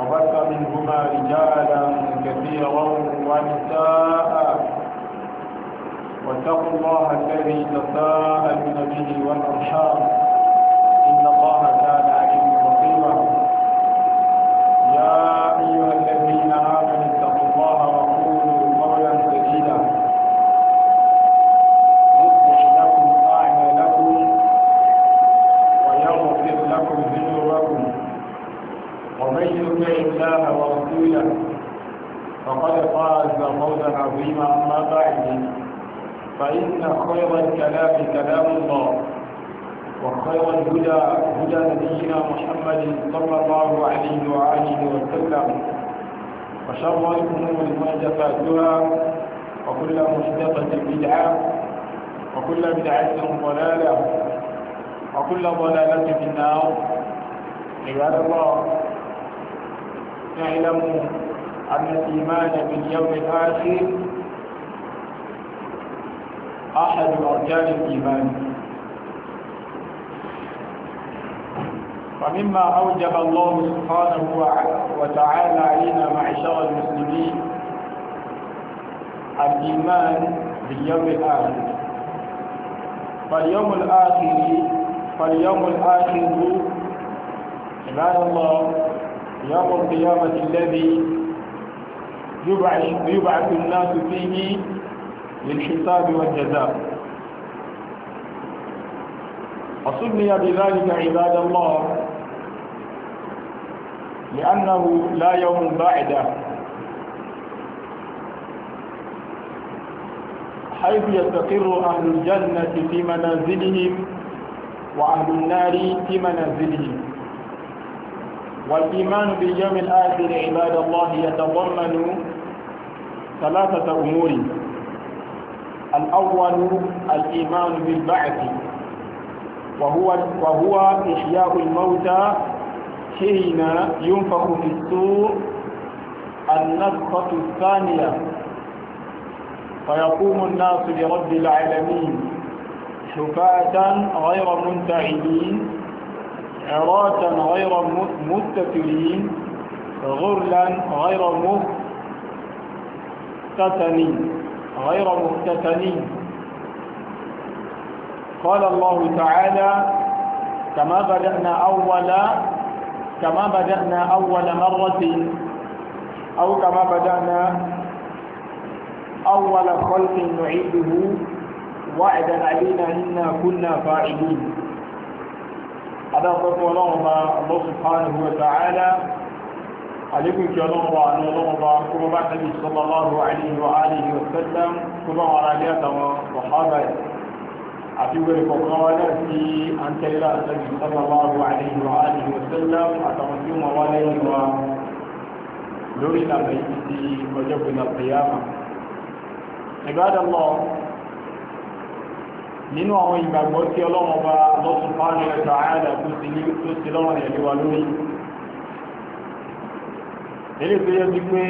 وبث منهما رجالا كثيرا ونساء واتقوا الله الذي تساءلون به والارحام بدعتهم ضلالهم وكل ضلالة في النار عباد الله اعلموا أن الإيمان باليوم الآخر أحد أركان الإيمان ومما أوجب الله سبحانه وتعالى علينا معشر المسلمين الإيمان باليوم الآخر فاليوم الآخر فاليوم الآخر عباد الله يوم القيامة الذي يبعث, يبعث الناس فيه للحساب والجزاء وسمي بذلك عباد الله لأنه لا يوم بعده حيث يستقر أهل الجنة في منازلهم وأهل النار في منازلهم والإيمان باليوم الآخر عباد الله يتضمن ثلاثة أمور الأول الإيمان بالبعث وهو وهو إحياء الموتى حين ينفخ في السور النفخة الثانية فيقوم الناس لرب العالمين شفاة غير منتعبين عراة غير متتلين غرلا غير مختتنين غير مختتنين قال الله تعالى كما بدأنا أول كما بدأنا أول مرة أو كما بدأنا أول خلق نعيده وعدا علينا إنا كنا فاعلين هذا قطوة لغضة الله سبحانه وتعالى عليكم كلغضة أن لغضة كما بعد النبي صلى الله عليه وآله وسلم كما عراجات وصحابة أتوبر فقالة في أن تلقى النبي صلى الله عليه وآله وسلم أتمنى مواليه ولوري لما يجي وجبنا القيامة Ibadallah nínú àwọn ìgbàgbọ́ tí ọlọ́run ọba lọ́tún fáwọn ẹ̀ta àádà tó ti ní tó ti lọ́rùn ẹ̀lú wa lórí ilé tó yẹ bí pé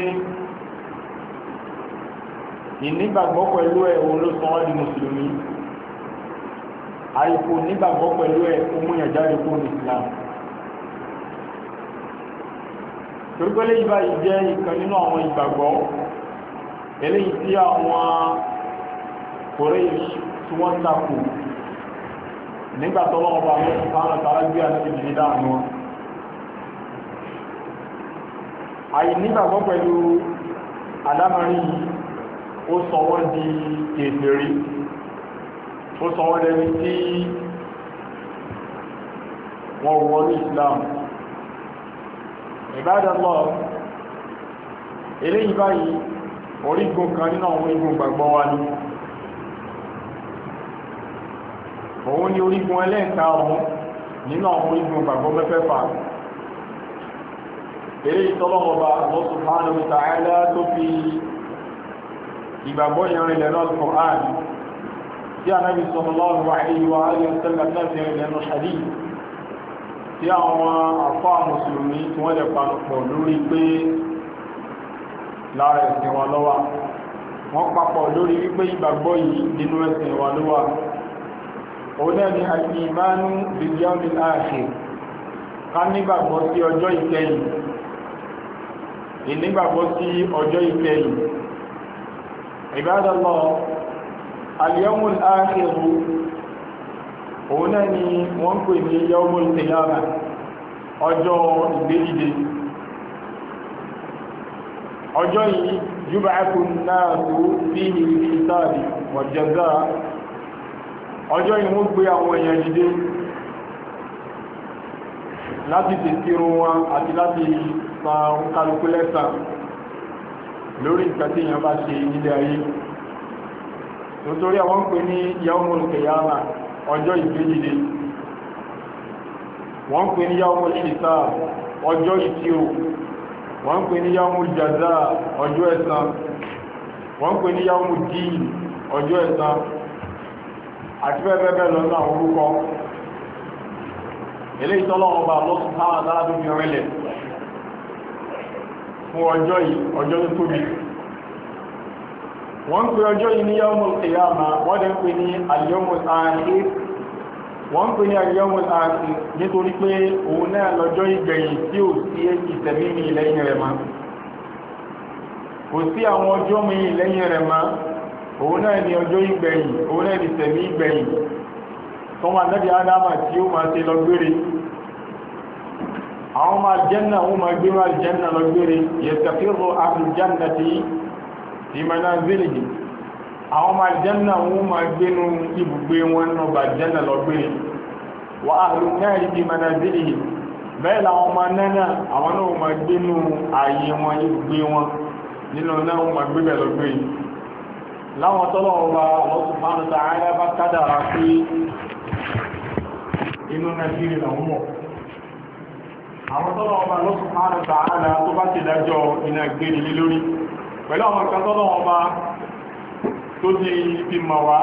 ìnígbàgbọ́ pẹ̀lú ẹ̀ òun ló sọ wá di mùsùlùmí àìkò nígbàgbọ́ pẹ̀lú ẹ̀ ó mú yàn jáde kó ní Islam torípẹ́lẹ́ ìbá yìí ìkan nínú àwọn ìgbàgbọ́ eléyìí tí àwọn Kùrẹ́ṣì tí wọ́n takò nígbà tọ́lọ́wọ́ bá mọ́ sùpánà tààrà gbé àti ìdílé dáàmú wọn àìnígbàgbọ́ pẹ̀lú àdámarí ó sọ wọ́n di kèfèrí ó sọ wọ́n dẹni tí wọ́n wọ́n Islam ìbádàlọ́ eléyìí báyìí orígun kan nínú àwọn orígun gbàgbọ́ wa ní òun ni orígun ẹlẹ́ẹ̀ta ọ̀hún nínú àwọn orígun gbàgbọ́ mẹ́fẹ́fà eré ìtọ́lọ́mọba Allah subhanahu wa ta'ala tó fi ìgbàgbọ́ ìrìn lẹ́nà al-Qur'an tí Ànábì sallallahu alayhi wa alihi wa sallam náà fi àwọn àfáà mùsùlùmí tí wọ́n lè panupọ̀ lórí pé lára ẹ̀sìn wa lọ́wà wọ́n papọ̀ lórí wípé ìgbàgbọ́ yìí nínú ẹ̀sìn wa lọ́wà òun náà ni al-imanu bil-yawmil akhir ká nígbàgbọ́ sí ọjọ́ ìkẹyìn ìnígbàgbọ́ sí ọjọ́ ìkẹyìn Ibadallah al-yawmul akhir òun náà wọ́n pè ní ọjọ́ ìgbédìde ọjọ́ yìí yub'athu an-nasu fihi bil-hisabi wal-jazaa ọjọ́ yìí wọ́n gbé àwọn èèyàn jíde láti tẹ̀sírò wọn àti láti pa kálukú lẹ́sà lórí nǹkan tí èèyàn bá ṣe nílé ayé nítorí àwọn ń pè ní yawmul qiyamah wọ́n pè ní yawmu jaza ọjọ́ ẹ̀san wọ́n pè ní yawmu díì ọjọ́ ẹ̀san àti bẹ́ẹ̀bẹ́ẹ̀ lọ́nà àwọn orúkọ ilé ìtọ́lọ́wọ́ bá lọ́sùn táwọn adáradó fi rẹ̀lẹ̀ fún ọjọ́ yìí ọjọ́ tó tóbi wọ́n pè wọ́n ń pè ní àyẹ̀wò àti nítorí pé òun náà lọ́jọ́ ìgbẹ̀yìn tí ò sí ìtẹ̀mí mi lẹ́yìn rẹ̀ ma kò sí àwọn ọjọ́ mi lẹ́yìn rẹ̀ ma òun náà ni ọjọ́ ìgbẹ̀yìn òun náà ni tẹ̀mí ìgbẹ̀yìn àwọn ọmọ àjẹ́nà wọn máa gbénú ibùgbé wọn nù bà jẹ́nà lọ́gbẹ̀ẹ́ wà áhùn náà ibi manazili bẹ́ẹ̀ làwọn ọmọ náà àwọn náà máa gbénú ààyè wọn ibùgbé wọn nínú náà wọn máa gbébẹ̀ lọ́gbẹ̀ẹ́ láwọn tọ́lọ̀ ọba Allah wa tó ti fi mọ̀ wá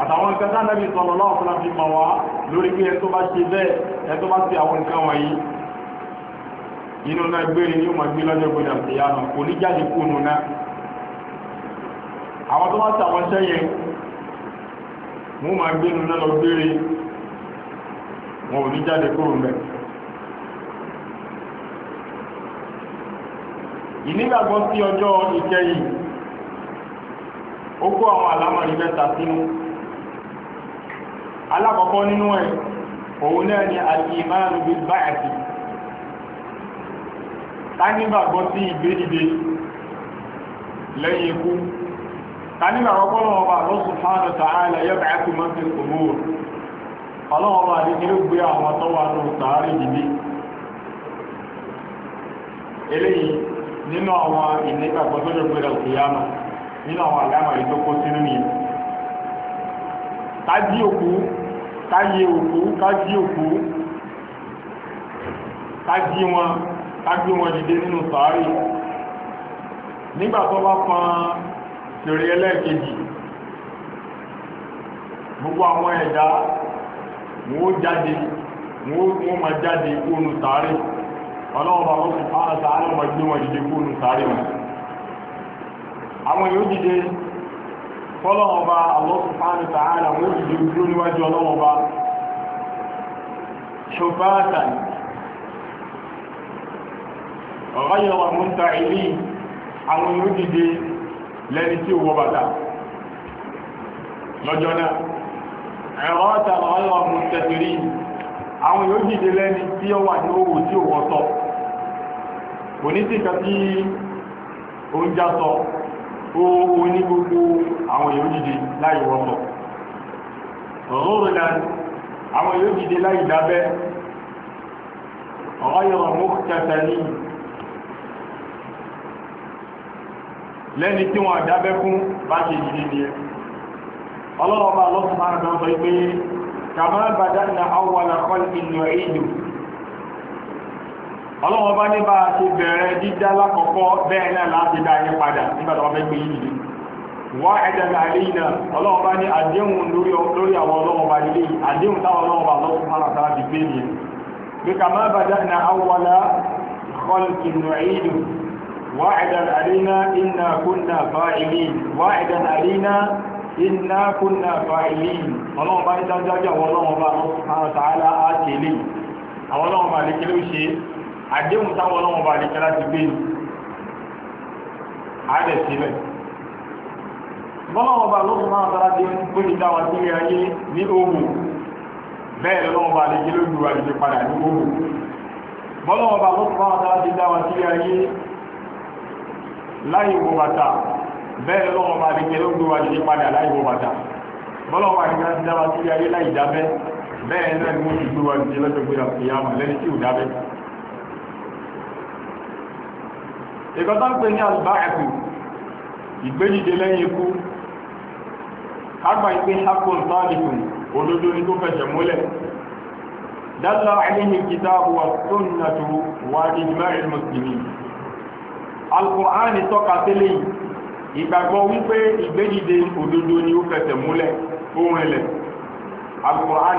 àtàwọn nǹkan tá Ànábì sallallahu alaihi wasallam fi mọ̀ wá lórí pé ẹ tó bá ṣe bẹ́ẹ̀ ẹ tó bá ṣe àwọn nǹkan wọ̀nyí inú náà gbére ni ó máa gbé lọ́jọ́ gbọdọ̀ sí àná kò ní jáde kúnnù náà àwọn tó máa tàwọn iṣẹ́ yẹn mú máa gbé inú náà lọ gbére wọn ò ní jáde kúrò mẹ́ ìnígbàgbọ́ sí ọjọ́ ìkẹyìn ó kó àwọn àlámọ̀rí mẹ́ta sínú alákọ̀ọ́kọ́ nínú ẹ̀ òun náà ni al-imanu bil ba'thi tánígbàgbọ́ sí ìgbédìde lẹ́yìn ikú tánígbàgbọ́ pọ́lọ́wọ́ eléyìí nínú àwọn ìnígbàgbọ́ tó lè gbé nínú àwọn àlámà yìí tó kó sínú nìyẹn ká jí òkú ká yẹ òkú ká jí òkú ká jí wọn ká gbé wọn dìde nínú sàárì nígbà tó bá pọn fèrè ẹlẹ́ẹ̀kejì gbogbo àwọn ẹ̀dá wọ́n ó jáde wọ́n máa jáde kónú sàárì ọlọ́wọ́ bá wọ́n sì fara sàárì wọ́n gbé wọn dìde kónú sàárì wọn àwọn èèyàn dìde fọ́lọ́wọ́n ọba Allah subhanahu wa ta'ala níwájú ọba ṣùgbọ́n múta ilé àwọn èèyàn dìde lẹ́ni tí ó wọ lọ́jọ́ náà ẹ̀rọ ọ̀tà ooo ní gbogbo àwọn èèyàn dìde láì wọ́pọ̀ rúrùlá àwọn èèyàn dìde láì dábẹ́ ọ̀rọ̀ mú kẹta ní lẹ́ni tí wọ́n dábẹ́ fún bá ṣe dìde ní ẹ ọlọ́rọ̀ bá lọ́sùn máa gbọ́n sọ pé kàmá bàdá na awwala kọ́lù ìlú ẹ̀yìn ọlọ́wọ́n bá ní bá a ti bẹ̀rẹ̀ dídá lákọ̀ọ́kọ́ bẹ́ẹ̀ náà láti dá yín padà nígbà tó wọ́n fẹ́ gbé yín nìyí wá ẹ̀dẹ̀ àríyìnà ọlọ́wọ́n bá ní àdéhùn lórí àwọn ọlọ́wọ́n bá nílé àdéhùn táwọn ọlọ́wọ́n bá lọ́wọ́ fún aláta láti gbé nìyẹn bí kà máa bàjá na awọlá kọlùkìn rẹ̀yìn wá ẹ̀dẹ̀ àríyìnà iná àwọn ọlọ́wọ́n bá lọ́wọ́ àdéhùn táwọn ọlọ́wọ́n bá àdékẹ́lá ti gbé yìí àádẹ̀ sílẹ̀ bọ́lọ́wọ́n bá lókùn máa tara dé ń pè ní táwọn sí ayé ní òhù bẹ́ẹ̀ lọ́wọ́n bá àdékẹ́ lójú àdékẹ́ padà ní òhù bọ́lọ́wọ́n bá lókùn máa tara dé táwọn sí ayé láì wo bàtà bẹ́ẹ̀ lọ́wọ́n bá àdékẹ́ lójú àdékẹ́ padà láì wo bàtà bọ́lọ́wọ́n bá àdékẹ́ láti dáwà sí ayé láì dábẹ́ bẹ́ẹ̀ náà ni wọ́n ti gbé wa jẹ́ lọ́jọ́ gbé ìkọ́tọ́ ń pè ní albáàkù ìgbéjìdé lẹ́yìn ikú agbà ìpé hakun tálìkùn olódó ní tó fẹ̀ṣẹ̀ múlẹ̀ dalla alayhi kitabu wa sunnatu wa ijma'il muslimin alquran tọ́ka tẹ́lẹ̀ ìgbàgbọ́ wípé ìgbéjìdé òdodo ni ó fẹ̀ṣẹ̀ múlẹ̀ ohun ilẹ̀ alquran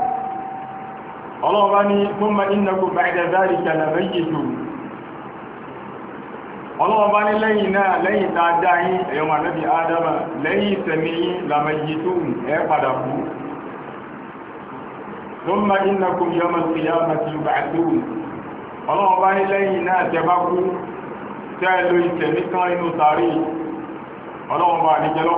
ọlọ́ọ̀bá ní mọ́mà ìnàkò bàìdà záàrí kàlàbẹ̀ yìí ọlọ́ọ̀bá ní lẹ́yìn náà lẹ́yìn tààdá yìí ẹ̀yọ́mà lẹ́bí adama lẹ́yìn tẹ̀mí làmàyí tó ẹ padà kú mọ́mà ìnàkò yọmà kìyàmà ti bàìdùn ọlọ́ọ̀bá ní lẹ́yìn náà tẹ́bá kú tẹ́ẹ̀lú ìtẹ̀mí kan inú sàárì ọlọ́ọ̀bá ní jẹ́lọ́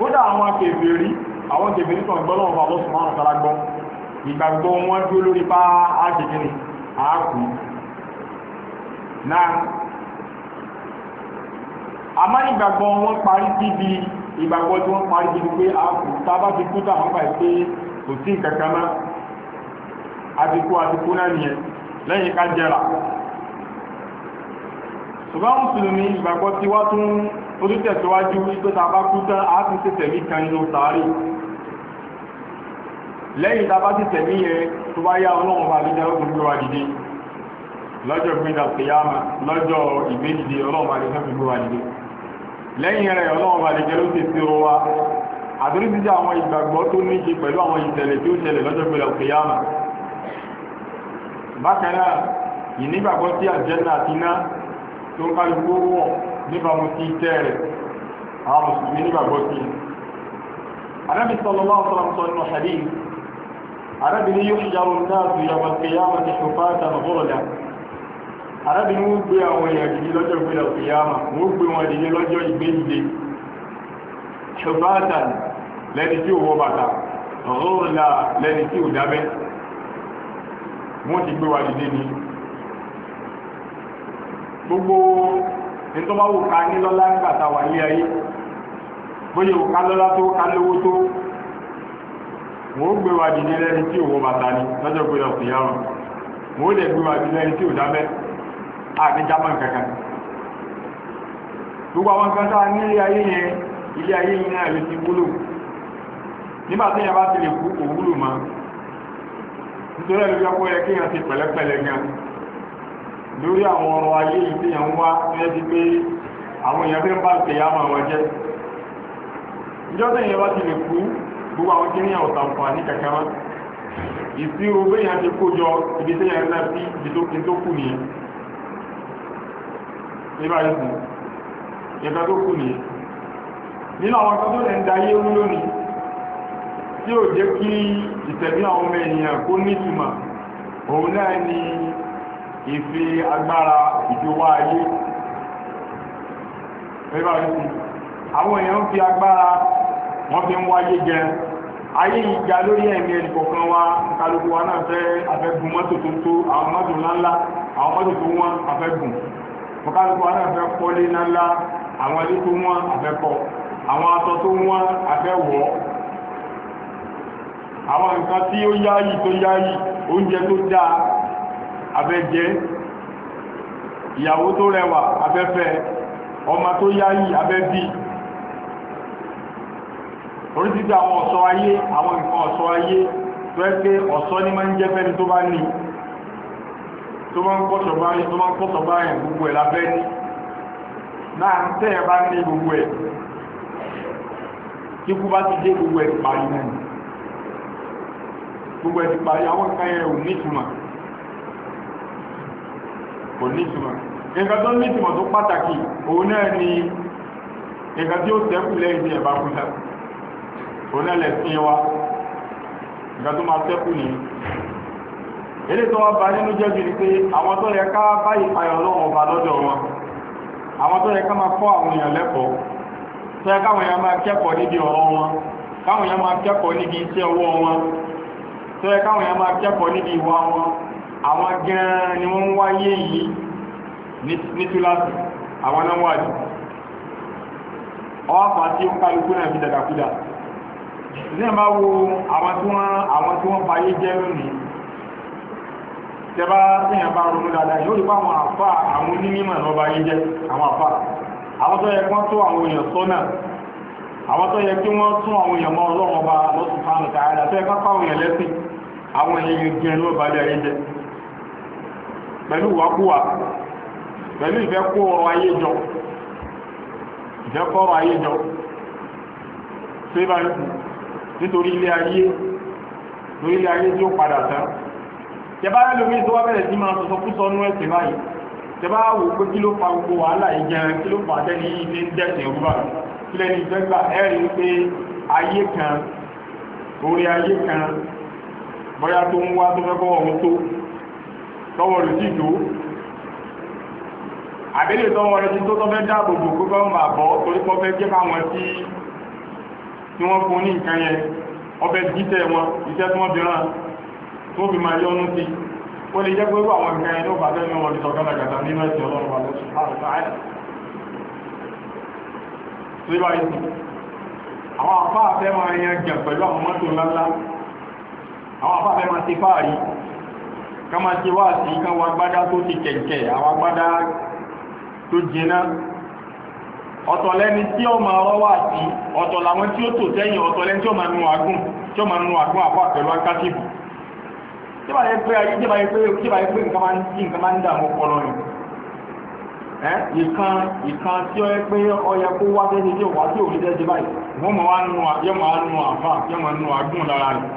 kódà àwọn akèbèrí àwọn kèbèrí kan gbọ́ lọ́wọ́ bàbá sùn márùn tara gbọ́ ìgbàgbọ́ wọn dúró lórí pa ákèkèrè àákù náà àmá ìgbàgbọ́ wọn parí síbi ìgbàgbọ́ tí wọ́n parí síbi pé àákù tábà ti kú táwọn bá pé kò sí nǹkan kan mọ́ àtikú àtikú náà nìyẹn lẹ́yìn ká jẹ́ra ṣùgbọ́n mùsùlùmí ìgbàgbọ́ tí wá tún onítẹ̀síwájú wípé ta bá kú tán a ti ṣe tẹ̀mí kan inú sàárì lẹ́yìn ta bá ti tẹ̀mí yẹn tó bá yá ọlọ́run bá lè dẹ́rù gbogbo wa dìde lọ́jọ́ gbígbà pèyàmà lọ́jọ́ ìgbédìde ọlọ́run bá lè dẹ́rù gbogbo wa dìde lẹ́yìn rẹ̀ ọlọ́run bá lè dẹ́rù ti ṣírò wa àdúrí ti jẹ́ àwọn ìgbàgbọ́ tó ní ṣe pẹ̀lú àwọn ìṣẹ̀lẹ̀ tí ó ṣẹlẹ̀ lọ́jọ́ gbígbà pèyàmà bákan náà ìnígbàgbọ́ sí àjẹ́nà àti iná tó ń kálukú wọ̀ níbàmú sí tẹ́ rẹ̀ àwọn mùsùlùmí nígbàgbọ́ sí anábì sallallahu alaihi wasallam nínú hadith anábì ní yóò ṣàrò náà tó yàwó kìyàmà ti ṣùfà àtàmà bọ́ọ̀lá anábì ní wọ́n gbé àwọn èèyàn dìde lọ́jọ́ ìgbélà kìyàmà wọ́n gbé wọn dìde lọ́jọ́ ìgbéǹde ṣùfà àtàmà lẹ́ni tí ò wọ bàtà ọ̀rọ̀lá lẹ́ni tí ò dábẹ́ wọ́n ti gbé wa dìde ní gbogbo ní tó bá wù ká ní lọ́lá nígbà tá wà ní ayé bóyá wù ká lọ́lá tó ká lówó tó wọ́n gbé wa dìde lẹ́ni tí òwò bàtà ni lọ́jọ́ gbé lọ sí yàrá wọ́n lè gbé wa dìde lẹ́ni tí ò dábẹ́ àti german kankan gbogbo àwọn kan sáà ní ilé ayé yẹn ilé ayé yẹn náà lè ti wúlò nígbà tí yẹn bá ti lè kú òwúlò mọ́ nítorí ẹ̀lú yọkọ́ yẹ kéèyàn ti pẹ̀lẹ́pẹ̀lẹ́ gan lórí àwọn ọrọ̀ ayé ìpéyàn wá lẹ́bí pé àwọn èèyàn fẹ́ bá ìpèyà máa wọ́n jẹ́ ìjọ́sẹ̀ yẹn bá ti lè kú gbogbo àwọn kí ní ọ̀tà àǹfààní kankan mọ́ ìṣirò béèyàn ti kó jọ ibi tí yẹn náà sí ibi tó kù nìyẹn nígbà yìí ìyẹ̀ká tó kù nìyẹn nínú àwọn kan tó lè ń dayé lónìí tí ò jẹ́ kí ìtẹ̀mí àwọn ọmọ ènìyàn kó nítumọ̀ òun náà ni ìfi agbára ìjọwá ayé aye ìsìn àwọn èèyàn ń fi agbára wọ́n fi ń jẹ ayé ìjà lórí ẹ̀mí wa kálukú wa náà fẹ́ afẹ́gùn mọ́tò tó tó àwọn mọ́tò ńláńlá àwọn mọ́tò tó wọ́n afẹ́gùn kọkálùkù wa náà fẹ́ kọ́lé ńláńlá àwọn ilé tó wọ́n afẹ́kọ́ àwọn aṣọ tó wọ́n afẹ́wọ́ àwọn nǹkan tí ó yáyì tó yáyì abẹ́jẹ́ ìyàwó tó rẹwà abẹ́fẹ́ ọmọ tó yáyì abẹ́bí oríṣiríṣi àwọn ọ̀ṣọ́ ayé àwọn nǹkan ọ̀ṣọ́ ayé tó ẹ́ pé ọ̀ṣọ́ ní máa ń jẹ́ fẹ́ni tó bá ní tó máa ń kọ́sọ̀ báyìí tó máa ń kọ́sọ̀ báyìí gbogbo ẹ̀ lábẹ́ ní náà ń tẹ́ ẹ bá ní gbogbo ẹ̀ kíkú bá ti dé gbogbo ẹ̀ ti parí kò nítumọ̀ nǹkan tó nítumọ̀ tó pàtàkì òun náà ni nǹkan tí ó sẹ́kù lẹ́yìn tí ẹ̀bá kúta òun náà lẹ̀sìn wa nǹkan tó máa sẹ́kù nìyí èdè tó wọ́n bá nínú jẹ́ bí ni pé àwọn tó yẹ ká bá ìpayọ̀ lọ́wọ́ lọ́dọ̀ wọn àwọn tó yẹ ká máa àwọn èèyàn lẹ́kọ̀ọ́ tó yẹ káwọn èèyàn máa kẹ́kọ̀ọ́ níbi ọ̀rọ̀ wọn káwọn èèyàn máa kẹ́kọ̀ọ́ àwọn gan ni wọ́n wáyé yìí ní túláàsì àwọn náà wájú tí ó kálukú náà fi dàdàkúdà ní ẹ̀bá wo àwọn tí wọ́n àwọn jẹ́ lónìí tẹ́bá síyàn bá ronú dáadáa yóò rí pa àwọn àwọn onímọ̀ náà bá jẹ́ àwọn àfà àwọn tó yẹ kí tó àwọn èèyàn sọ́nà àwọn tó yẹ kí wọ́n tún àwọn èèyàn mọ́ lọ́sùn tààrà tó yẹ pẹ̀lú ìwàkúwà pẹ̀lú ìfẹ́kú ọrọ̀ ayé jọ ìfẹ́kọ́rọ̀ ayé jọ tí bá nítorí ilé ayé torí ilé ayé tí ó padà tán tẹbá lórí tó wá bẹ̀rẹ̀ sí máa sọ fún sọnú ẹ̀sìn báyìí tẹbá wò pé kí ló fa gbogbo wàhálà ìjẹun kí ló fa tẹ́ni ilé ń dẹ̀sìn òwúrà kí lẹ́ni ìfẹ́gbà ẹ̀rí pé ayé kan orí ayé kan bóyá tó ń wá tó fẹ́ kọ́ tó tọwọ́ rẹ̀ sí ìtò àbílẹ̀ tọwọ́ rẹ̀ sí tó tọ́fẹ́ dáàbòbò kókọ́ mà bọ́ torí pọ́ fẹ́ jẹ́ fáwọn tí wọ́n fún ní nǹkan yẹn ọbẹ̀ jíṣẹ́ wọn iṣẹ́ tí wọ́n fi rán tó fi máa yọ́nú sí ó lè jẹ́ pé wà àwọn nǹkan yẹn ló bá fẹ́ ní wọn ìtọ̀ gàdàgàdà nínú ẹ̀sìn ọlọ́run wà lọ́sùn àwọn àfáà fẹ́ máa yan jẹ̀ pẹ̀lú àwọn mọ́tò ńláńlá àwọn àfáà fẹ́ máa ti fáà yìí kama ti wá sí kan wa gbádá tó ti kẹ̀kẹ́ àwọn gbádá tó jiná ọ̀tọ̀ lẹ́ni tí ó máa rọ́ wà sí ọ̀tọ̀ làwọn tí ó tò sẹ́yìn ọ̀tọ̀ lẹ́ni tí ó máa nu àgùn tí ó máa nu àgùn àpá pẹ̀lú akásìbù tí bá yẹ pé ayé tí bá yẹ pé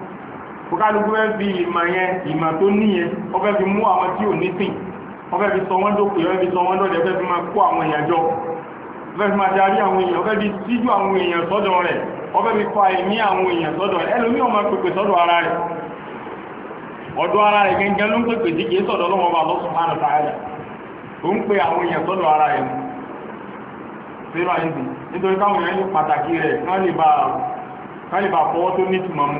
kókàlùkù fẹ́ fi ìmọ̀ yẹn ìmọ̀ tó níyẹn ó fẹ́ fi mú àwọn tí ò ní sìn ó fẹ́ fi sọ wọ́n dókè ó fẹ́ fi sọ wọ́n dọ̀dẹ̀ ó fẹ́ fi máa kó àwọn èèyàn jọ ó fi máa darí àwọn èèyàn fi àwọn èèyàn sọ́dọ̀ rẹ̀ fi fa àwọn èèyàn sọ́dọ̀ rẹ̀ ẹlòmí ọmọ ara rẹ̀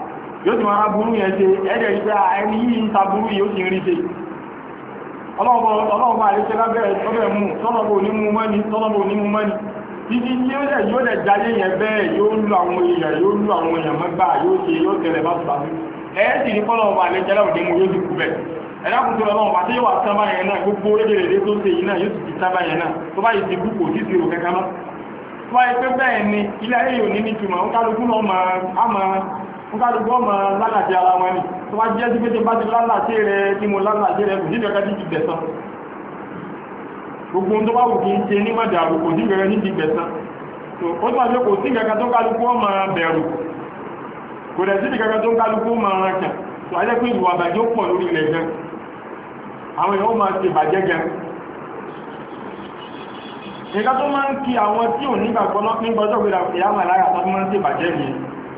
yóò ti máa burú yẹn ṣe ẹ̀jẹ̀ ìgbà ẹni yìí ń ta burú yóò ti rí ṣe ọlọ́ọ̀bọ̀ àríṣẹ́ lábẹ́rẹ̀ tọ́bẹ̀ mú tọ́lọ́bọ̀ onímú mọ́ni tọ́lọ́bọ̀ onímú mọ́ni títí tí ó dẹ̀ yóò dẹ̀ jayé yẹn bẹ́ẹ̀ yóò lù àwọn èèyàn yóò lù àwọn èèyàn mọ́gbà yóò ṣe yóò tẹ̀lé bá tùbà ẹ̀ sì ní kọ́lọ́ọ̀bọ̀ àríṣẹ́ lábẹ́rẹ̀ mú yóò ti kú bẹ́ẹ̀ ẹ̀dàkùn tó lọ́wọ́ àti yóò wà sábà yẹn náà gbogbo orílẹ̀-èdè tó ṣe yìí náà yóò ti sábà yẹn náà tó bá yìí ti kú kò sí ìṣirò kankan náà tó bá yẹ pé bẹ́ẹ̀ ni ilé ayé yóò ní nítumọ̀ ó kálukú náà máa kúkàlùkọ́ mọ̀ lálàtí ara wọn ni tó bá jẹ́ sí pé tí bá ti lálàtí rẹ̀ tí mo lálàtí rẹ̀ kò sí ìrẹ́kẹ́ ti gbẹ̀sán gbogbo tó bá wù kí n ṣe ní mọ̀dà kò sí ìrẹ́kẹ́ ti gbẹ̀sán ó tó àjọ kò sí ìrẹ́kẹ́ tó kálùkọ́ mọ̀ bẹ̀rù kò dẹ̀ sí ìrẹ́kẹ́ tó kálùkọ́ mọ̀ ránkà tó ajẹ́ pé ìwà bàjẹ́ ó pọ̀ lórí ilẹ̀ gan àwọn èèyàn máa ṣe bàjẹ́ gan nǹkan tó máa ń kí àwọn tí ò nígbàgbọ́ nígbàjọ́ gbéra ìyá màláyà tó máa ń ṣe bàjẹ́ yìí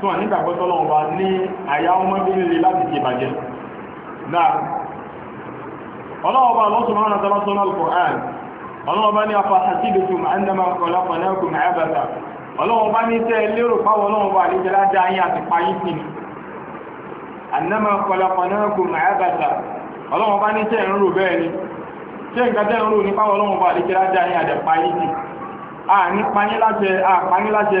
tí wọ́n nígbàgbọ́ tọ́lọ́ ọba ní àyà ọmọbìnrin láti ṣe ìbàjẹ́ náà ọlọ́ọba lọ́sùn máa ń tọ́lọ́ sọ́nà al-Qur'an ọlọ́ọba ní afa hasibatum annama khalaqnakum abata ọlọ́ọba ní tẹ́ lérò páwọn ọlọ́ọba àlejò lájá yín àti payín sí ni annama khalaqnakum abata ọlọ́ọba ní tẹ́ ń rò bẹ́ẹ̀ ni ṣe nǹkan tẹ́ ń rò nípa ọlọ́ọba àlejò lájá yín àti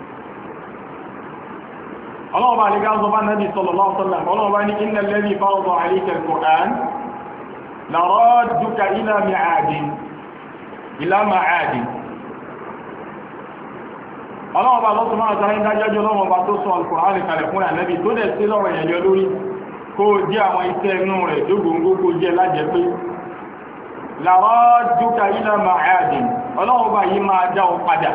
ọlọ́wọ́ bá nígbà zọba nàbí sọlọ́lọ́sọ́lá ọlọ́wọ́ bá ní iná lẹ́bí fáwọ́ àríkẹ̀ kòrán lọ́rọ̀ dúkà ilá ma'áàdì ọlọ́wọ́ bá lọ́tọ́ máa sáré dájọ́jọ́ lọ́wọ́ bá tó sọ alkùnrán kalẹ̀ fún ànábì tó dẹ̀ sí lọ́rọ̀ ẹ̀yọ lórí kó jẹ́ àwọn iṣẹ́ inú rẹ̀ dógóngó kó jẹ́ lájẹ́ pé lọ́rọ̀ dúkà ilá ma'áàdì ọlọ́wọ́ bá yí máa já ọ padà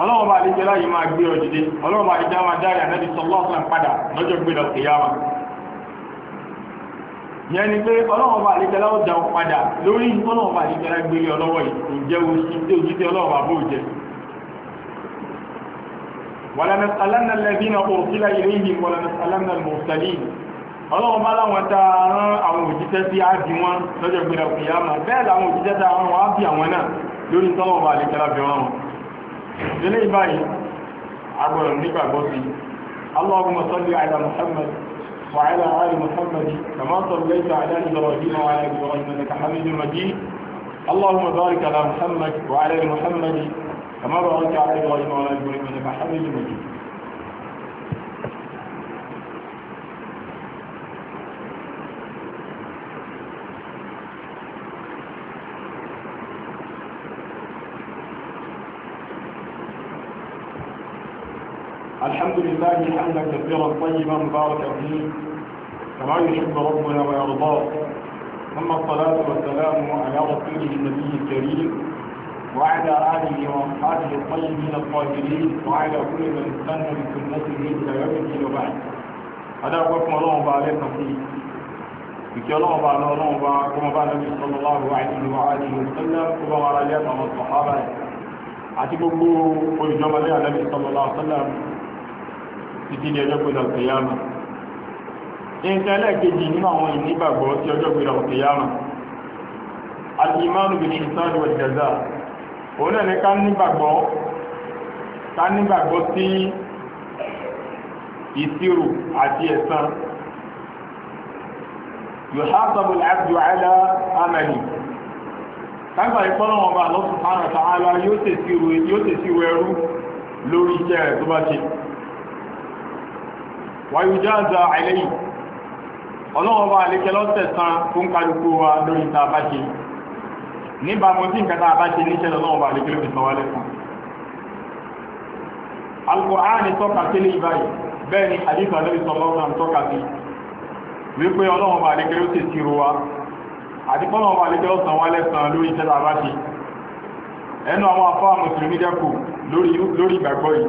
ọlọ́wọ́ bá àdíjẹ́ láyé máa gbé ọ dìde ọlọ́wọ́ bá àdíjẹ́ máa dárí ànábì sọlọ́ọ̀sán padà lọ́jọ́ gbé lọ kìyàmà yẹn ni pé ọlọ́wọ́ bá àdíjẹ́ láwọ́ já ọ padà lórí ọlọ́wọ́ bá ọlọ́wọ́ bá láwọn ta rán àwọn òjíṣẹ́ sí ábí wọn lọ́jọ́ gbé lọ kìyàmà bẹ́ẹ̀ làwọn òjíṣẹ́ ta rán wọn ábí àwọn náà lórí tọ́lọ́wọ́ bá àdíjẹ́ wọn ilé ìbáyìí agbọ̀rọ̀ nígbàgbọ́ sí اللهم صل على محمد وعلى آل محمد كما صليت على إبراهيم وعلى إبراهيم إنك حميد مجيد اللهم بارك على محمد وعلى آل محمد كما باركت على إبراهيم وعلى إبراهيم إنك حميد مجيد الحمد لله حمدا كثيرا طيبا مباركا فيه كما يحب ربنا ويرضاه ثم الصلاة والسلام على رسوله النبي الكريم وعلى آله وأصحابه الطيبين الطاهرين وعلى كل من استنى بسنته إلى يوم الدين وبعد هذا حكم الله وعليكم فيه بكي الله bá lọ ọlọ́wọ́ بعد النبي صلى الله عليه àìsíwá àìsíwá sẹ́lẹ̀ tó bá wà rálẹ́ àwọn sọ̀hábà àti gbogbo olùjọba lẹ́yà lẹ́bí títí di ọjọ́ gbéra òkèyàmà nǹkan ẹlẹ́ẹ̀kejì nínú àwọn ìnígbàgbọ́ sí ọjọ́ gbéra òkèyàmà alìmánù bìí ìsáàdì wal jaza òun náà ní ká nígbàgbọ́ ká nígbàgbọ́ sí ìṣirò àti ẹ̀san yòhásábù al-abdu ala amali kágbà ìpọ́nà ọba Allah subhanahu wa ta'ala yóò tẹ̀síwẹ̀rú lórí iṣẹ́ rẹ̀ tó bá ṣe wáyújáza àìlẹ́yìn ọlọ́wọ́ bá alékẹ́ lọ́tẹ̀sán fún kálukú wa lórí ta bá ṣe níbàmú tí nǹkan tá bá ṣe níṣẹ́ lọ́wọ́ bá alékẹ́ lórí sọwọ́ lẹ́sàn alkùránì tọ́ka sí ní ìbáyìí bẹ́ẹ̀ ni àdífà lórí sọlọ́wọ́ tọ́ka sí wípé ọlọ́wọ́ bá alékẹ́ ló ti ṣírò wa àti pọ́lọ́wọ́ bá alékẹ́ lọ́sàn wá lẹ́sàn lórí iṣẹ́ tá bá ṣe ẹnu àwọn afọ́ àmùsùlùmí dẹ́kù lórí ìgbàgbọ́ yìí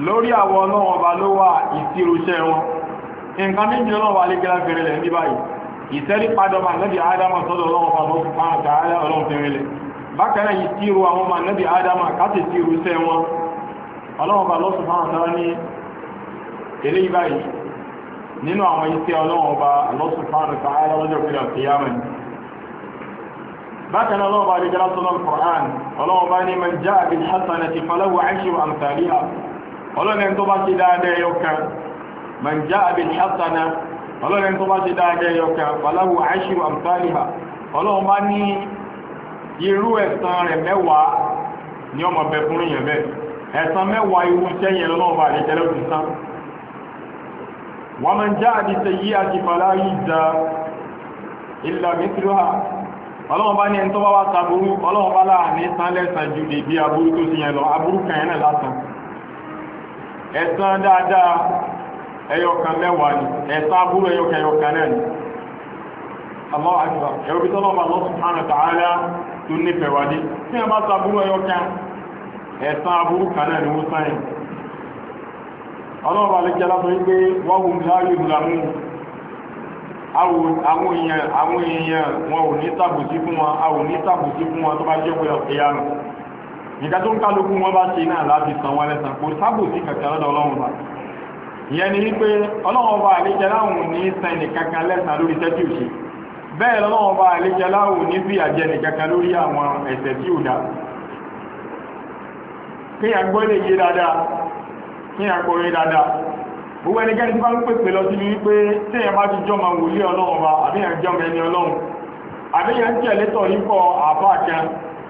lórí àwọn ọlọ́run ọba ló wà ìtìrúṣẹ́ wọn nǹkan méjì ọlọ́run wà lẹ́gẹ́lá fẹ́rẹ̀ lẹ́ ní báyìí ìtẹ́rí padọ́mà nẹ́bí ádámà sọ́dọ̀ ọlọ́run ọba ló fún pàǹkà ààrẹ ọlọ́run fẹ́rẹ̀ lẹ́ bákan náà ìtìrú àwọn ọmọ nẹ́bí ádámà káti ìtìrúṣẹ́ wọn ọlọ́run ọba ló fún pàǹkà ní eré báyìí nínú àwọn iṣẹ́ ọlọ́run ọba lọ́sùn pàǹkà ààrẹ lè jẹ́ lásán lọ́run Qur'an ní man jaa bil hasanati falahu ashru amthaliha ọlọ́rin tó bá ti dáadẹ́ yọkan man já àbí hasana ọlọ́rin tó bá ti dáadẹ́ yọkan falahu aṣíru àmfàlìhà ọlọ́run bá ní irú ẹ̀san rẹ̀ mẹ́wàá ní ọmọ bẹ fún ìyẹn bẹ́ẹ̀ ẹ̀san mẹ́wàá irú iṣẹ́ yẹn lọ́wọ́ bá àdéjẹ́lẹ́ òtún sán wọ́n man já àbí sẹ́yí àti faláyí da ní ẹni tó bá wá taburú ọlọ́run bá láàrin sán lẹ́sàn ju dèbí aburú tó ti yẹn aburú kan yẹn lásán ẹ̀san dáadáa ẹyọkan mẹ́wàá ni ẹ̀san aburú ẹyọkan ẹyọkan náà ni Allahu Akbar ẹ̀rọ bí tọ́lọ́ bá lọ́sùn àrùn tààlà tó nífẹ̀ẹ́ wá dé ẹyọkan àwọn èèyàn wọn ò ní tàbùsí fún wọn tó nǹkan tó ń kálukú wọn bá ṣe náà láti san wọn lẹ́san kò sábò sí kẹ̀kẹ́ lọ́dọ̀ ọlọ́run bá ìyẹn ni wípé ọlọ́run bá àlejẹ láwùn ní san nìkankan lẹ́san lórí iṣẹ́ tí ò ṣe bẹ́ẹ̀ lọ́lọ́run bá àlejẹ láwùn ní fìyà jẹ nìkankan lórí àwọn ẹ̀ṣẹ̀ tí ò dá kéèyàn gbọ́ lè yé dáadáa kéèyàn gbọ́ yé dáadáa gbogbo ẹnikẹ́ni tí bá ń pèpè lọ sí wípé téèyàn bá ti jọmọ wòlíì ọlọ́run bá àbíyàn jọmọ ẹni ọlọ́run àbíyàn jẹ́ lẹ́tọ̀ yípo àbá kan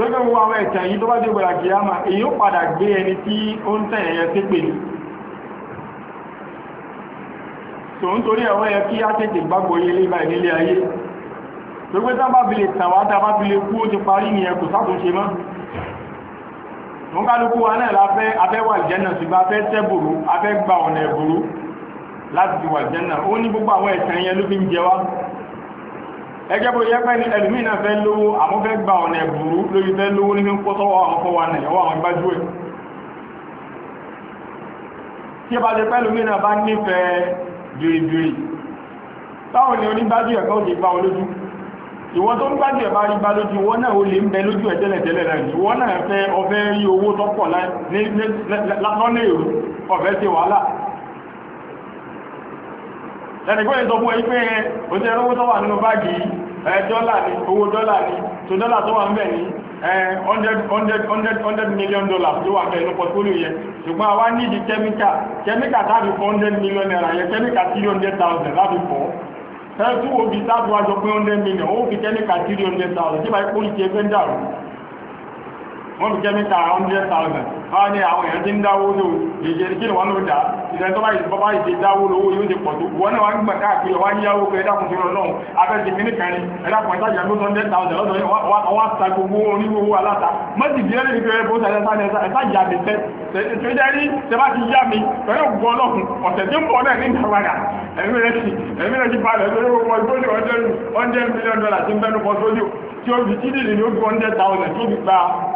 lọ́jọ́ wo àwọn ẹ̀tàn yìí tó bá dé gbọ́dà kìyàmà èyí ó padà gbé ẹni tí ó ń tẹ̀ ẹ̀yẹ sí pè ní tò ń torí ẹ̀wọ́ yẹ kí á tètè gbàgbọ́ yé lébà ìnílé ayé gbogbo tá bá fi lè tàn wá tá bá fi lè kú ó ti parí ní ẹkù sákòóṣe mọ́ mo kálukú wa náà láfẹ́ abẹ́wà ìjẹ́nà ṣùgbọ́n afẹ́ tẹ́bùrú afẹ́ gba ọ̀nà ẹ̀bùrú láti fi wà ìjẹ́nà ó ní gbogbo àwọn ẹ̀tàn yẹn ló fi ń jẹ wá ẹgẹ́ bó yẹ pẹ́ ní ẹlùmínà fẹ́ lówó àmúfẹ́ gba ọ̀nà ẹ̀bùrú lórí fẹ́ lówó ní fún pọ́tọ́wọ́ àwọn fọ́wà nàìyàwó àwọn gbájú ẹ̀ tí ẹ bá jẹ pẹ́ lómìnà bá nífẹ̀ẹ́ bìrìbìrì táwọn ni onígbájú ẹ̀kọ́ òjì bá wọn lójú ìwọ tó ń gbájú ẹ̀ bá rí bá lójú wọ́n náà ó lè ń bẹ lójú ẹ̀ tẹ́lẹ̀tẹ́lẹ̀ rẹ̀ ìwọ náà fẹ́ ọfẹ́ rí owó tọ́pọ̀ lọ́nà èrò ọ̀fẹ́ ti wàhálà lẹ́nìgbọ́n ìtọ́bù ẹ̀yí pé òtí ẹ̀rọ owó tó wà nínú báàgì dọ́là ní owó dọ́là ní tó dọ́là tó wà ń bẹ̀ ní 100 million dollars tó wà bẹ̀ ní portfolio yẹ ṣùgbọ́n àwa ní ìdí kẹ́míkà kẹ́míkà tàbí 100 million naira yẹ kẹ́míkà 300,000 láti fọ́ tẹ́tù òbí tàbí wájọ pé 100 million ó fi kẹ́míkà 300,000 tí bá ipò ìjẹ́ fẹ́ dàrú wọ́n fi kẹ́míkà 100,000 wọ́n ní àwọn èèyàn tí ń dáwó ló jẹjẹ kí wọ́n ló dá ìṣẹ́ tó báyìí bọ́bá ìṣe dáwó lówó yóò ti pọ̀ tó wọ́n náà wá ń gbà káàkiri wá ń yáwó pé ẹ̀dàkùn sí ọlọ́run abẹ́sẹ̀ kí nìkan ni ẹ̀dàkùn ìtajà ló sọ ten thousand lọ́dọ̀ wá sa gbogbo onígbòwò aláta mọ́tì bí ẹni pé bó ṣe ẹ̀sájà mi tẹ́ tó jẹ́ rí tẹ́ bá ti yá mi pẹ̀lú ògùn ọlọ́kùn ọ̀sẹ̀ tí ń bọ̀ náà ní ìdàgbàdà ẹ̀mí rẹ̀ sì ẹ̀mí rẹ̀ sì balẹ̀ lórí gbogbo ìgbóni ọ̀dẹ́rù ọ̀dẹ́ mílíọ̀nù dọ́là tí ń bẹ́nu pọ̀ sójú tí ó fi tí nìyí ó fi one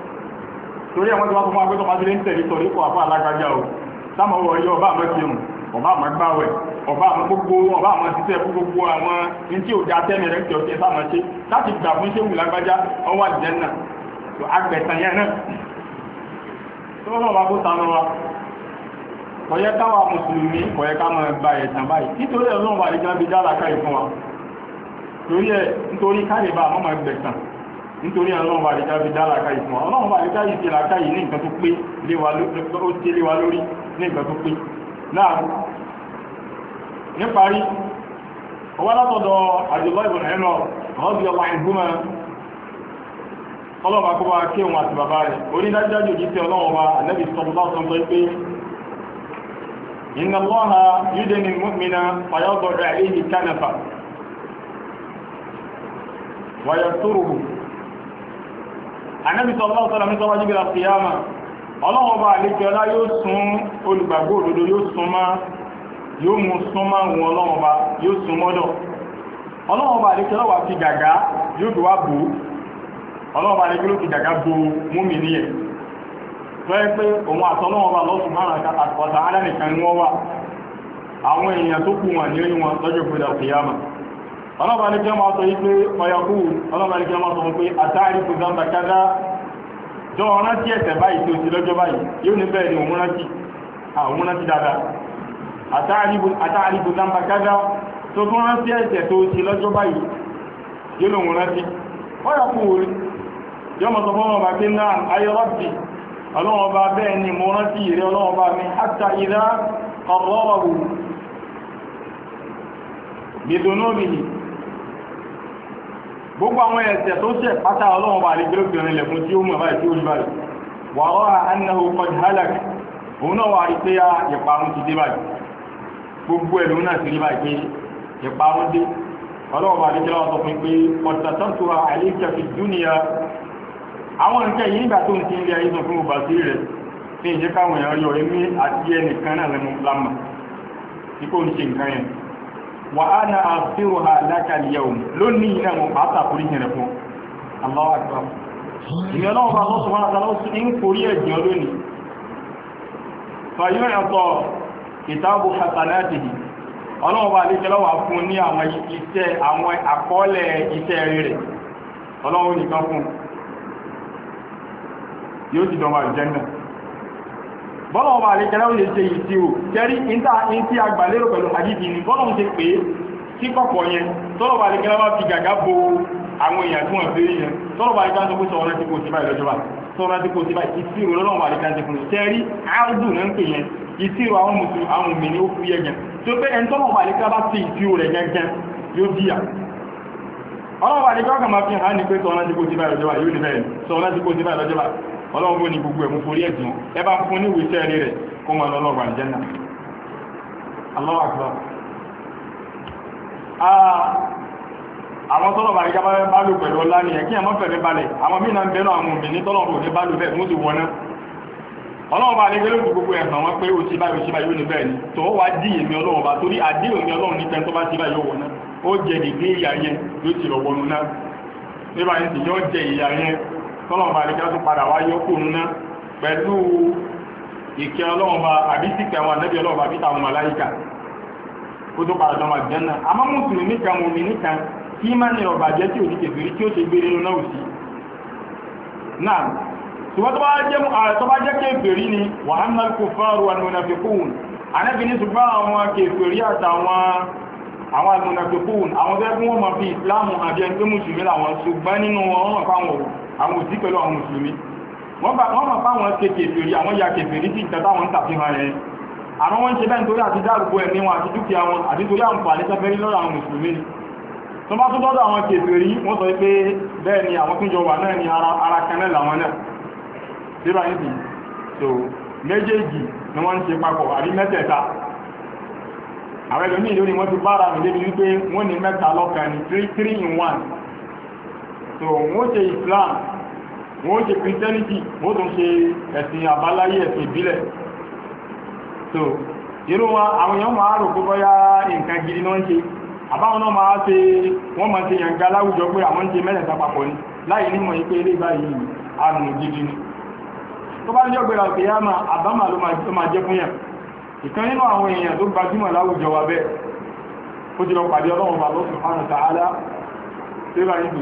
torí àwọn tí wọ́n fún agbẹ́tọ̀ máa tilé ń tẹ̀lé torí kọ̀ àfọ́ alágbájá o sáwọn ọwọ́ yọ ọba àmọ́ kírun ọba àmọ́ gbáwẹ̀ ọba àmọ́ gbogbo ọba àmọ́ ṣiṣẹ́ fún gbogbo àwọn ntí òjá tẹ́lẹ̀ rẹ̀ tí ọ̀sẹ̀ sáwọn ṣe láti gbà fún ṣéwù lágbájá ọwọ́ àjẹ́ náà tó agbẹ̀sán yẹn náà tó wọ́n wá kó sanu wa kọ̀yẹ́ káwa mùsùlùmí kọ̀yẹ́ ká máa gba ẹ̀sán báyìí nítorí ẹ̀ lọ́wọ́ àdìgbà nítorí ọlọ́run bá lẹ́ta fi dá làákàyè fún wa ọlọ́run bá lẹ́ta yìí ti làákàyè ní nǹkan tó pé ó ti léwa lórí ní nǹkan tó pé láàrú níparí ọwá látọ̀dọ̀ àjọlọ́ ìbọn ẹ̀rọ ọ̀rọ̀bí ọmọ ìgbúmọ̀ ọlọ́ba kó bá kí òun àti bàbá rẹ̀ onídájájú jí tí ọlọ́run bá ànábì wàyàtúrùhù ànábì sallallahu alaihi wasallam tọ́wọ́ jígbìlá kíyàmà ọlọ́wọ́ bá àlejò ọlá yóò sún olùgbàgbọ́ òdodo yóò sún mọ́ yóò mú sún mọ́ wọn ọlọ́wọ́ bá yóò sún mọ́dọ̀ ọlọ́wọ́ bá àlejò ọlọ́wọ́ fi gàgá yóò ọlọ́ba ní jẹ́ máa sọ yí pé ọyọkú ọlọ́ba ní jẹ́ máa sọ pé àtàrí kò zamba kádá jọ rántí ẹ̀sẹ̀ báyìí tó ti lọ́jọ́ báyìí yóò ní bẹ́ẹ̀ ni òun rántí àwọn rántí dáadáa àtàrí kò zamba kádá tó tún rántí ẹ̀sẹ̀ tó ti lọ́jọ́ báyìí yóò ní òun rántí ọyọkú orí yọ mọ̀ sọ fọ́nà bàbí náà ayọ́rọ́bì ọlọ́wọ́ bá bẹ́ẹ̀ ni mo rántí ìrẹ́ ọlọ́wọ́ bá mi hátà ìdá ọ̀rọ̀ ọ̀rọ̀ gbogbo àwọn ẹ̀ṣẹ̀ tó ṣẹ̀ pátá ọlọ́run bá lè gbé obìnrin lẹ̀kún tí ó mọ̀ báyìí tí ó rí báyìí wà rọ́ra annahu qad halak òun náà wà rí pé a ah, ìparun ti dé báyìí gbogbo ẹ̀lú náà ti rí báyìí pé ìparun dé ọlọ́run bá lè jẹ́ lọ́wọ́ sọ fún pé ọ̀tàtàntò wà á na àfihàn ha lákàlì yẹun lónìí náà mo pàtà kúrí yẹn fún Allahu Akbar ìyẹn náà bá lọ́sùn wọn àtàlọ́ sí ń kórí ẹ̀jọ́ lónìí fàyọ́ ẹ̀kọ́ ìtàbù hasanatihi ọlọ́wọ́ bá lè jẹ́lọ́wà fún ní àwọn iṣẹ́ àwọn àkọọ́lẹ̀ iṣẹ́ rere ọlọ́wọ́ nìkan fún yóò ti dọ̀wà ìjẹ́ náà bọ́lọ̀ ọba àlejẹ́lá ó lè ṣe ìṣirò kẹrí níta ní agbàlérò pẹ̀lú àdídì ni bọ́lọ̀ ń ṣe pé sí kọ̀kọ̀ yẹn tọ́lọ̀ ọba àlejẹ́lá bá fi gàgá bo àwọn èèyàn tí wọ́n fi rí yẹn tọ́lọ̀ ọba àlejẹ́lá sọ pé sọ̀rọ̀ ti kò sí báyìí lọ́jọ́ báyìí sọ̀rọ̀ ti kò sí báyìí ìṣirò lọ́lọ́ ọba àlejẹ́lá ti fún mi kẹrí áàdù náà ń pè yẹn ìṣirò àwọn mùsùlùmí àwọn òmìnir ó fi yẹn tó pé ẹni tọ́lọ̀ ọba àlejẹ́lá bá ti ìṣirò rẹ̀ gẹ́gẹ́ yóò díyà ọlọ́wọ́ àdíkọ́ kà máa fi hàn ní pé sọ̀rọ̀ ti kò sí báyìí lọ́jọ́ báyìí yóò ní ọlọ́run bó ni gbogbo ẹ̀mú forí ẹ̀sìn ẹ bá fún níwèé iṣẹ́ rí rẹ̀ kó máa lọ́lọ́ wà nìjẹ́ náà Allahu akbar àwọn tọ́lọ̀ bá rígbá bá lò pẹ̀lú ọlá ní ẹ̀kí ẹ̀mọ́ fẹ̀rẹ̀ balẹ̀ àwọn mínà ń bẹ̀rọ àwọn òmìnì tọ́lọ̀ rò ní bá lò bẹ́ẹ̀ mú sí wọná ọlọ́run bá nígbé lóògùn gbogbo ẹ̀sàn wọn pé ó ti báyìí ó ti báyìí ó ní bẹ́ẹ̀ ni tó wá dí èmi ọlọ́run bá torí àdí èmi ọlọ́run ní tẹ́ntọ́ bá ti báyìí ó wọná ó jẹ nìgbé ìyá yẹn yóò ti lọ wọnú náà nígbà yẹn sì yóò jẹ ìyá yẹn tọ́lọ́mọba àdíjá tó padà wá yókù nná pẹ̀lú ìkẹ́ ọlọ́mọba àbí síkẹ́ àwọn ànábì ọlọ́mọba àbí tàwọn màláìkà kó tó padà dánwà jẹ́ náà àmọ́ mùsùlùmí kan mú mi níkan kí má ní ọba jẹ́ tí òní kèfèrí tí ó ṣe gbé sí náà ṣùgbọ́n ni wàhánà kò fáàrù àwọn munafiqun ànábì ní ṣùgbọ́n àwọn kèfèrí àtàwọn àwọn munafiqun àwọn tẹ́gbọ́n wọn fi ìsìlámù àjẹ́ pé mùsùlùmí làwọn ṣùgbọ́n nínú wọn wọn fáwọn àwọn òsí pẹ̀lú àwọn mùsùlùmí wọ́n mọ̀ fáwọn ṣe kèfèrí àwọn ya kèfèrí sí ìtẹ́ táwọn ń tàfihàn rẹ̀ àwọn wọ́n ṣe bẹ́ẹ̀ nítorí àti dáàbò ẹ̀mí wọn àti dúkìá wọn àti torí àǹfààní tẹ́fẹ́rí lọ́rọ̀ àwọn mùsùlùmí ni tó bá tún lọ́dọ̀ àwọn kèfèrí wọ́n sọ pé bẹ́ẹ̀ ni àwọn túnjọ wà náà ni ara kanẹ́ làwọn náà síbà níbi so méjèèjì ni wọ́n ń ṣe papọ̀ àbí mẹ́tẹ̀ẹ̀ta àwọn ẹlòmí ìlú ni wọ́n ti bára mi débi wípé wọ́n ní mẹ́ta lọ́kàn ní 3 in 1 so wọ́n ṣe Islam wọ́n ṣe christianity wọ́n tún ṣe ẹ̀sìn àbáláyé ẹ̀sìn ìbílẹ̀ so irú wọn àwọn èèyàn máa rò pé bọ́yá nǹkan gidi náà ń ṣe àbáwọn náà máa ṣe wọ́n máa ṣe yànga láwùjọ pé àwọn ń ṣe mẹ́rẹ̀ẹ́ta papọ̀ ni láì nímọ̀ yí pé eré báyìí àrùn gidi ni tó bá níjọ́ gbéra òkè yá máa àbámà ló máa jẹ́ fún yàn ìkan nínú àwọn èèyàn tó gbajúmọ̀ láwùjọ wa bẹ́ẹ̀ ó ti lọ pàdé ọlọ́run bàbá sùn fáwọn tààlà tó bá yìí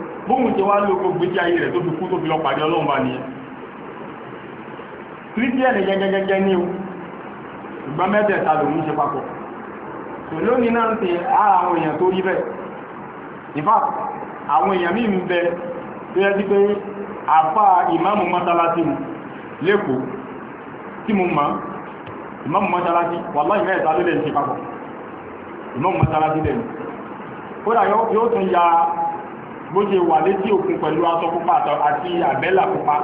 bóhun ti wá lóko gbéjì ayé rẹ̀ tó fi kú tó fi lọ pàdé ọlọ́run bá nìyẹn kírísítíẹ̀nì gẹ́gẹ́gẹ́gẹ́ ní o ìgbà mẹ́tẹ̀ẹ̀ta lòun ṣe papọ̀ lónìí náà ń tẹ ara àwọn èèyàn tó rí bẹ́ẹ̀ in fact àwọn èèyàn míì ń bẹ tó yẹ sí pé àfá ìmáàmù mọ́sálásí mu lẹ́kọ̀ọ́ tí mo mọ̀ ìmáàmù mọ́sálásí wàláhì mẹ́ta ló lè ṣe papọ̀ ìmáàmù mọ́sálásí lẹ́nu kódà bó ṣe wà létí òkun pẹ̀lú aṣọ pupa àti àbẹ́là pupa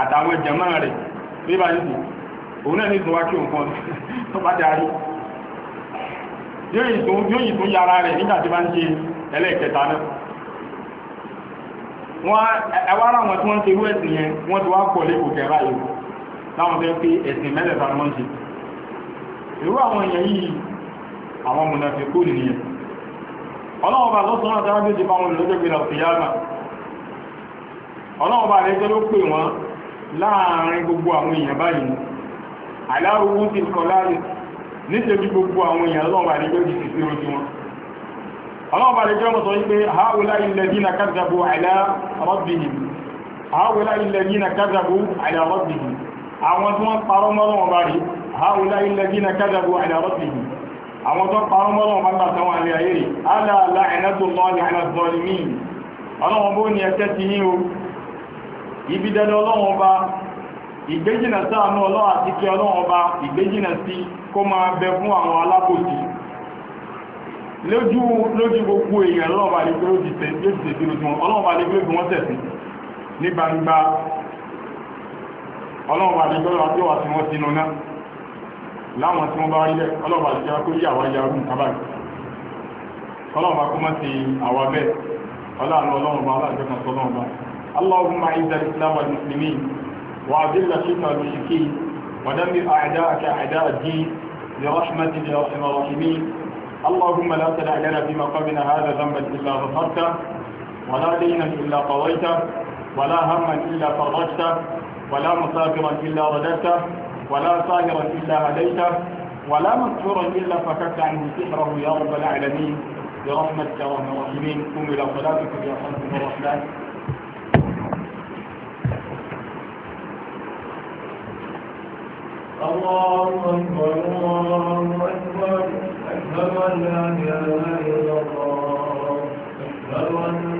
àtàwọn ìjàmá rẹ̀ bí bá yìí òun náà ní ìtùnwá kí òun kan tó bá darí yóò yìí tún yára rẹ̀ nígbà tí bá ń ṣe ẹlẹ́ẹ̀kẹta náà wọ́n ẹwàrá wọn tí wọ́n ti rú ẹ̀sìn yẹn wọ́n ti ọlọ́ọ̀bà lọ́sùn àti àjò ti bá wọn lọ́jọ́ gbìnà fìyàmà ọlọ́ọ̀bà rẹ̀ tó ló pè wọ́n láàrin gbogbo àwọn èèyàn báyìí aláwòwú ti kọ láàrin nítorí gbogbo àwọn èèyàn ọlọ́ọ̀bà rẹ̀ tó ti fi orí wọn ọlọ́ọ̀bà rẹ̀ tó sọ wípé haula illadina kadzabu ala rabbihim haula illadina kadzabu ala rabbihim àwọn tí wọ́n parọ́ mọ́ ọlọ́ọ̀bà rẹ̀ haula illadina kadzabu ala rabbihim àwọn tó pa ọmọ ọlọ́run bá tán wà ní ayé yìí aláàlá ẹ̀nàtò lọ́ọ̀lì àìnàtọ̀lì míì ọlọ́run bó ní ti yí o ibi dẹ́lẹ̀ ọlọ́run ọba ìgbéjìnà sáànú ọlọ́run àti kí ọlọ́run ọba ìgbéjìnà láwọn tí wọ́n bá rí lẹ̀ ọlọ́wà tí a kó yí àwá yarú kábàkì ọlọ́wà kó má ti àwà bẹ́ẹ̀ ọlọ́run ọlọ́run bá aláàjọ kan sọ́lọ́run bá اللهم اعز الاسلام والمسلمين واذل الشرك والمشركين ودمر اعداءك اعداء الدين برحمتك يا ارحم الراحمين اللهم لا تدع لنا في مقامنا هذا ذنبا الا غفرته ولا دينا الا قضيته ولا هما الا فرجته ولا مسافرا الا رددته ولا طاهرا إلا هديته ولا مكفورا إلا فككت عنه سحره يا رب العالمين برحمتك يا رحمة الراحمين قم إلى صلاتك يا خلق الرحمن الله أكبر الله أكبر أشهد أن لا إله إلا الله أشهد أن